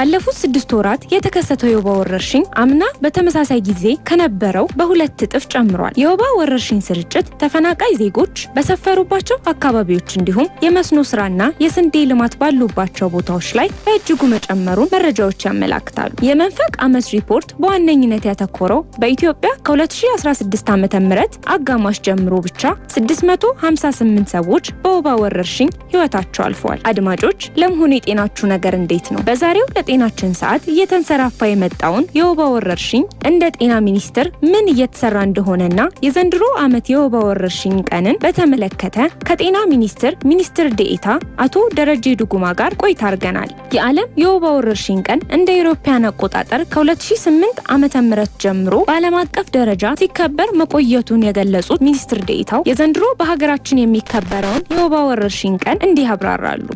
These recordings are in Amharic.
ባለፉት ስድስት ወራት የተከሰተው የወባ ወረርሽኝ አምና በተመሳሳይ ጊዜ ከነበረው በሁለት እጥፍ ጨምሯል። የወባ ወረርሽኝ ስርጭት ተፈናቃይ ዜጎች በሰፈሩባቸው አካባቢዎች እንዲሁም የመስኖ ስራና የስንዴ ልማት ባሉባቸው ቦታዎች ላይ በእጅጉ መጨመሩን መረጃዎች ያመላክታሉ። የመንፈቅ ዓመት ሪፖርት በዋነኝነት ያተኮረው በኢትዮጵያ ከ2016 ም አጋማሽ ጀምሮ ብቻ 658 ሰዎች በወባ ወረርሽኝ ህይወታቸው አልፈዋል። አድማጮች፣ ለመሆኑ የጤናችሁ ነገር እንዴት ነው? በዛሬው በጤናችን ሰዓት እየተንሰራፋ የመጣውን የወባ ወረርሽኝ እንደ ጤና ሚኒስቴር ምን እየተሰራ እንደሆነና የዘንድሮ ዓመት የወባ ወረርሽኝ ቀንን በተመለከተ ከጤና ሚኒስቴር ሚኒስትር ዴኤታ አቶ ደረጀ ዱጉማ ጋር ቆይታ አድርገናል። የዓለም የወባ ወረርሽኝ ቀን እንደ ኢሮፓያን አቆጣጠር ከ2008 ዓ ምህረት ጀምሮ በዓለም አቀፍ ደረጃ ሲከበር መቆየቱን የገለጹት ሚኒስትር ዴኤታው የዘንድሮ በሀገራችን የሚከበረውን የወባ ወረርሽኝ ቀን እንዲህ አብራራሉ።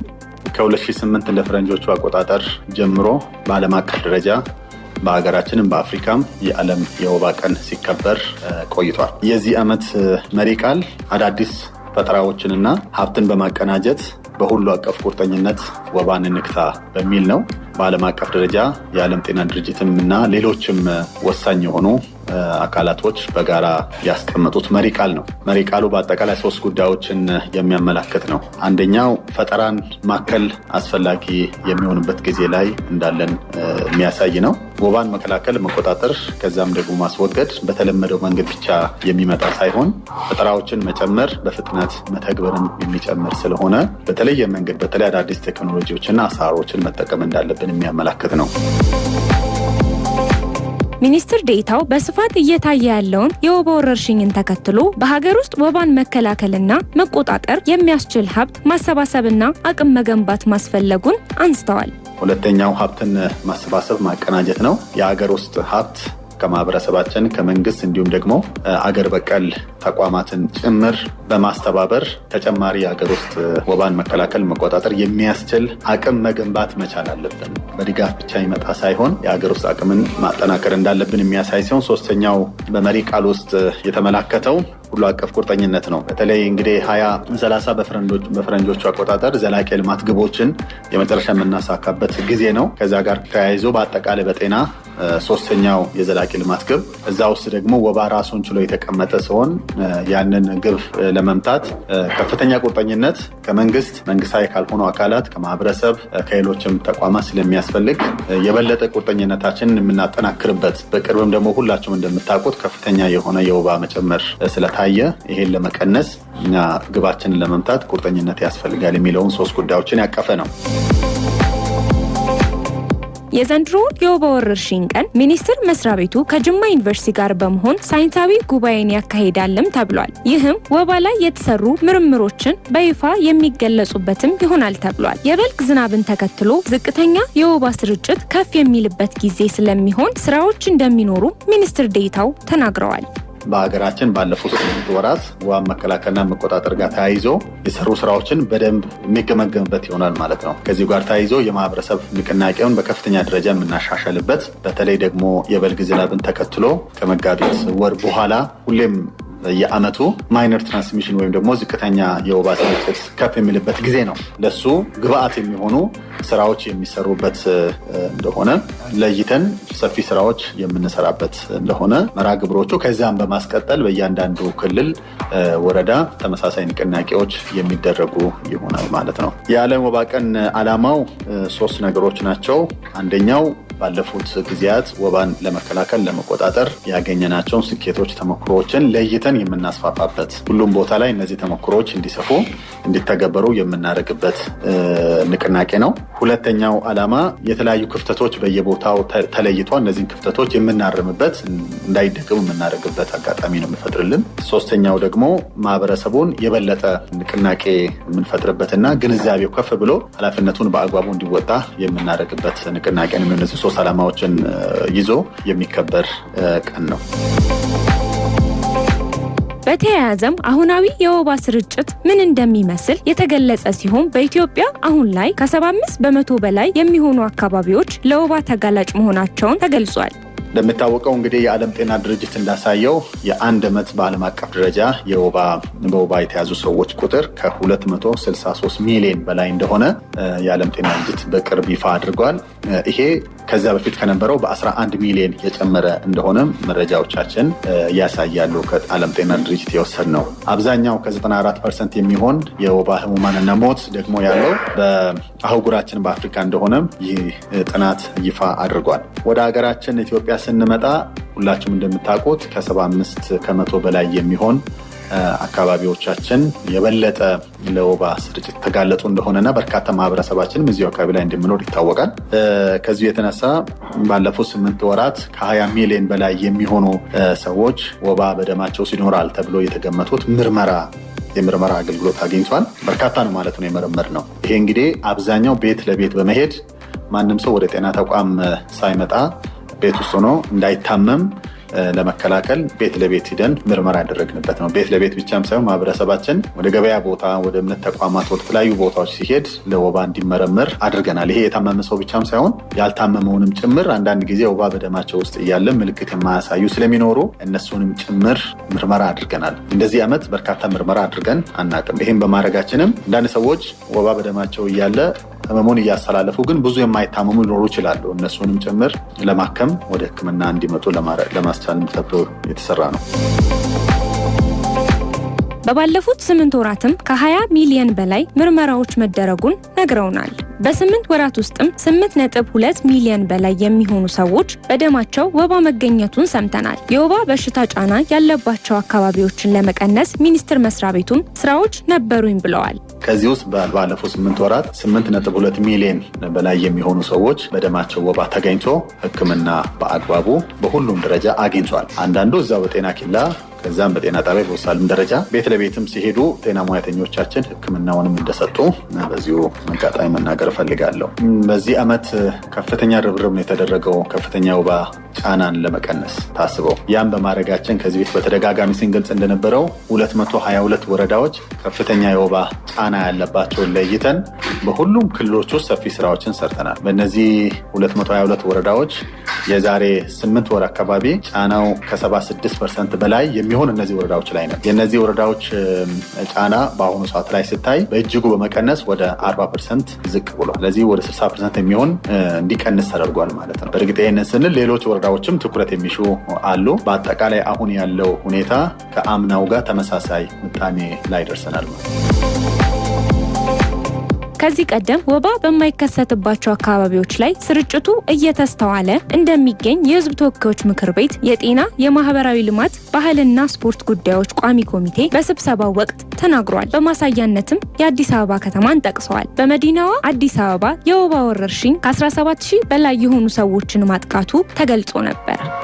ከ2008 እንደ ፈረንጆቹ አቆጣጠር ጀምሮ በዓለም አቀፍ ደረጃ በሀገራችንም በአፍሪካም የዓለም የወባ ቀን ሲከበር ቆይቷል። የዚህ ዓመት መሪ ቃል አዳዲስ ፈጠራዎችንና ሀብትን በማቀናጀት በሁሉ አቀፍ ቁርጠኝነት ወባን እንክታ በሚል ነው። በዓለም አቀፍ ደረጃ የዓለም ጤና ድርጅትም እና ሌሎችም ወሳኝ የሆኑ አካላቶች በጋራ ያስቀመጡት መሪ ቃል ነው። መሪ ቃሉ በአጠቃላይ ሶስት ጉዳዮችን የሚያመላክት ነው። አንደኛው ፈጠራን ማከል አስፈላጊ የሚሆንበት ጊዜ ላይ እንዳለን የሚያሳይ ነው። ወባን መከላከል፣ መቆጣጠር ከዛም ደግሞ ማስወገድ በተለመደው መንገድ ብቻ የሚመጣ ሳይሆን ፈጠራዎችን መጨመር፣ በፍጥነት መተግበርን የሚጨምር ስለሆነ በተለየ መንገድ በተለይ አዳዲስ ቴክኖሎጂዎችና አሰራሮችን መጠቀም እንዳለብን የሚያመላክት ነው። ሚኒስትር ዴታው በስፋት እየታየ ያለውን የወባ ወረርሽኝን ተከትሎ በሀገር ውስጥ ወባን መከላከልና መቆጣጠር የሚያስችል ሀብት ማሰባሰብና አቅም መገንባት ማስፈለጉን አንስተዋል። ሁለተኛው ሀብትን ማሰባሰብ ማቀናጀት ነው። የሀገር ውስጥ ሀብት ከማህበረሰባችን ከመንግስት እንዲሁም ደግሞ አገር በቀል ተቋማትን ጭምር በማስተባበር ተጨማሪ የሀገር ውስጥ ወባን መከላከል መቆጣጠር የሚያስችል አቅም መገንባት መቻል አለብን። በድጋፍ ብቻ ይመጣ ሳይሆን የሀገር ውስጥ አቅምን ማጠናከር እንዳለብን የሚያሳይ ሲሆን ሶስተኛው በመሪ ቃል ውስጥ የተመላከተው ሁሉ አቀፍ ቁርጠኝነት ነው። በተለይ እንግዲህ ሀያ ዘላሳ በፈረንጆቹ አቆጣጠር ዘላቂ ልማት ግቦችን የመጨረሻ የምናሳካበት ጊዜ ነው። ከዚያ ጋር ተያይዞ በአጠቃላይ በጤና ሶስተኛው የዘላቂ ልማት ግብ እዛ ውስጥ ደግሞ ወባ ራሱን ችሎ የተቀመጠ ሲሆን ያንን ግብ ለመምታት ከፍተኛ ቁርጠኝነት ከመንግስት፣ መንግስታዊ ካልሆኑ አካላት፣ ከማህበረሰብ፣ ከሌሎችም ተቋማት ስለሚያስፈልግ የበለጠ ቁርጠኝነታችንን የምናጠናክርበት በቅርብም ደግሞ ሁላችሁም እንደምታውቁት ከፍተኛ የሆነ የወባ መጨመር ስለታየ ይሄን ለመቀነስ እና ግባችንን ለመምታት ቁርጠኝነት ያስፈልጋል የሚለውን ሶስት ጉዳዮችን ያቀፈ ነው። የዘንድሮውን የወባ ወረርሽኝ ቀን ሚኒስቴር መስሪያ ቤቱ ከጅማ ዩኒቨርሲቲ ጋር በመሆን ሳይንሳዊ ጉባኤን ያካሂዳልም ተብሏል። ይህም ወባ ላይ የተሰሩ ምርምሮችን በይፋ የሚገለጹበትም ይሆናል ተብሏል። የበልግ ዝናብን ተከትሎ ዝቅተኛ የወባ ስርጭት ከፍ የሚልበት ጊዜ ስለሚሆን ስራዎች እንደሚኖሩ ሚኒስትር ዴታው ተናግረዋል። በሀገራችን ባለፉት ስምንት ወራት ውሃን መከላከልና መቆጣጠር ጋር ተያይዞ የሰሩ ስራዎችን በደንብ የሚገመገምበት ይሆናል ማለት ነው። ከዚህ ጋር ተያይዞ የማህበረሰብ ንቅናቄውን በከፍተኛ ደረጃ የምናሻሸልበት በተለይ ደግሞ የበልግ ዝናብን ተከትሎ ከመጋቢት ወር በኋላ ሁሌም በየአመቱ ማይነር ትራንስሚሽን ወይም ደግሞ ዝቅተኛ የወባ ስርጭት ከፍ የሚልበት ጊዜ ነው። ለሱ ግብአት የሚሆኑ ስራዎች የሚሰሩበት እንደሆነ ለይተን ሰፊ ስራዎች የምንሰራበት እንደሆነ መራ ግብሮቹ ከዚያም በማስቀጠል በእያንዳንዱ ክልል፣ ወረዳ ተመሳሳይ ንቅናቄዎች የሚደረጉ ይሆናል ማለት ነው። የዓለም ወባ ቀን አላማው ሶስት ነገሮች ናቸው። አንደኛው ባለፉት ጊዜያት ወባን ለመከላከል ለመቆጣጠር ያገኘናቸውን ስኬቶች፣ ተሞክሮዎችን ለይተን የምናስፋፋበት ሁሉም ቦታ ላይ እነዚህ ተሞክሮዎች እንዲሰፉ እንዲተገበሩ የምናደርግበት ንቅናቄ ነው። ሁለተኛው አላማ የተለያዩ ክፍተቶች በየቦታው ተለይቷ እነዚህን ክፍተቶች የምናርምበት እንዳይደግም የምናደርግበት አጋጣሚ ነው የምንፈጥርልን። ሶስተኛው ደግሞ ማህበረሰቡን የበለጠ ንቅናቄ የምንፈጥርበትና ግንዛቤው ከፍ ብሎ ኃላፊነቱን በአግባቡ እንዲወጣ የምናደርግበት ንቅናቄ ነው። ሶስት ዓላማዎችን ይዞ የሚከበር ቀን ነው። በተያያዘም አሁናዊ የወባ ስርጭት ምን እንደሚመስል የተገለጸ ሲሆን በኢትዮጵያ አሁን ላይ ከ75 በመቶ በላይ የሚሆኑ አካባቢዎች ለወባ ተጋላጭ መሆናቸውን ተገልጿል። እንደሚታወቀው እንግዲህ የዓለም ጤና ድርጅት እንዳሳየው የአንድ ዓመት በዓለም አቀፍ ደረጃ በወባ የተያዙ ሰዎች ቁጥር ከ263 ሚሊዮን በላይ እንደሆነ የዓለም ጤና ድርጅት በቅርብ ይፋ አድርጓል። ይሄ ከዚያ በፊት ከነበረው በ11 ሚሊዮን የጨመረ እንደሆነም መረጃዎቻችን ያሳያሉ። ከዓለም ጤና ድርጅት የወሰድ ነው። አብዛኛው ከ94 ፐርሰንት የሚሆን የወባ ህሙማንና ሞት ደግሞ ያለው በአህጉራችን በአፍሪካ እንደሆነም ይህ ጥናት ይፋ አድርጓል። ወደ ሀገራችን ኢትዮጵያ ስንመጣ ሁላችሁም እንደምታውቁት ከ75 ከመቶ በላይ የሚሆን አካባቢዎቻችን የበለጠ ለወባ ስርጭት ተጋለጡ እንደሆነና በርካታ ማህበረሰባችንም እዚሁ አካባቢ ላይ እንደሚኖር ይታወቃል። ከዚሁ የተነሳ ባለፉት ስምንት ወራት ከ20 ሚሊዮን በላይ የሚሆኑ ሰዎች ወባ በደማቸው ሲኖራል ተብሎ የተገመቱት ምርመራ የምርመራ አገልግሎት አግኝቷል። በርካታ ነው ማለት ነው የመረመር ነው። ይሄ እንግዲህ አብዛኛው ቤት ለቤት በመሄድ ማንም ሰው ወደ ጤና ተቋም ሳይመጣ ቤት ውስጥ ሆኖ እንዳይታመም ለመከላከል ቤት ለቤት ሂደን ምርመራ ያደረግንበት ነው። ቤት ለቤት ብቻም ሳይሆን ማህበረሰባችን ወደ ገበያ ቦታ፣ ወደ እምነት ተቋማት፣ ወደ ተለያዩ ቦታዎች ሲሄድ ለወባ እንዲመረመር አድርገናል። ይሄ የታመመ ሰው ብቻም ሳይሆን ያልታመመውንም ጭምር አንዳንድ ጊዜ ወባ በደማቸው ውስጥ እያለ ምልክት የማያሳዩ ስለሚኖሩ እነሱንም ጭምር ምርመራ አድርገናል። እንደዚህ ዓመት በርካታ ምርመራ አድርገን አናቅም። ይህም በማድረጋችንም አንዳንድ ሰዎች ወባ በደማቸው እያለ ህመሙን እያስተላለፉ ግን ብዙ የማይታመሙ ሊኖሩ ይችላሉ። እነሱንም ጭምር ለማከም ወደ ህክምና እንዲመጡ ለማስቻል ተብሎ የተሰራ ነው። በባለፉት ስምንት ወራትም ከ20 ሚሊየን በላይ ምርመራዎች መደረጉን ነግረውናል። በስምንት ወራት ውስጥም 8.2 ሚሊዮን በላይ የሚሆኑ ሰዎች በደማቸው ወባ መገኘቱን ሰምተናል። የወባ በሽታ ጫና ያለባቸው አካባቢዎችን ለመቀነስ ሚኒስቴር መስሪያ ቤቱም ስራዎች ነበሩኝ ብለዋል። ከዚህ ውስጥ ባለፉት ስምንት ወራት 8.2 ሚሊዮን በላይ የሚሆኑ ሰዎች በደማቸው ወባ ተገኝቶ ሕክምና በአግባቡ በሁሉም ደረጃ አግኝቷል። አንዳንዱ እዛ በጤና ኬላ ከዚም በጤና ጣቢያ በወሳልም ደረጃ ቤት ለቤትም ሲሄዱ ጤና ሙያተኞቻችን ህክምናውንም እንደሰጡ በዚሁ አጋጣሚ መናገር እፈልጋለሁ። በዚህ ዓመት ከፍተኛ ርብርብ ነው የተደረገው ከፍተኛ የወባ ጫናን ለመቀነስ ታስበው ያም በማድረጋችን ከዚህ ቤት በተደጋጋሚ ስንገልጽ እንደነበረው 222 ወረዳዎች ከፍተኛ የወባ ጫና ያለባቸውን ለይተን በሁሉም ክልሎች ውስጥ ሰፊ ስራዎችን ሰርተናል። በእነዚህ 222 ወረዳዎች የዛሬ 8 ወር አካባቢ ጫናው ከ76 በላይ የሚ የሚሆን እነዚህ ወረዳዎች ላይ ነው። የእነዚህ ወረዳዎች ጫና በአሁኑ ሰዓት ላይ ስታይ በእጅጉ በመቀነስ ወደ 40 ፐርሰንት ዝቅ ብሏል። ስለዚህ ወደ 60 ፐርሰንት የሚሆን እንዲቀንስ ተደርጓል ማለት ነው። በእርግጥ ይህንን ስንል ሌሎች ወረዳዎችም ትኩረት የሚሹ አሉ። በአጠቃላይ አሁን ያለው ሁኔታ ከአምናው ጋር ተመሳሳይ ምጣኔ ላይ ደርሰናል ማለት ነው። ከዚህ ቀደም ወባ በማይከሰትባቸው አካባቢዎች ላይ ስርጭቱ እየተስተዋለ እንደሚገኝ የሕዝብ ተወካዮች ምክር ቤት የጤና የማህበራዊ ልማት ባህልና ስፖርት ጉዳዮች ቋሚ ኮሚቴ በስብሰባው ወቅት ተናግሯል። በማሳያነትም የአዲስ አበባ ከተማን ጠቅሰዋል። በመዲናዋ አዲስ አበባ የወባ ወረርሽኝ ከ17000 በላይ የሆኑ ሰዎችን ማጥቃቱ ተገልጾ ነበር።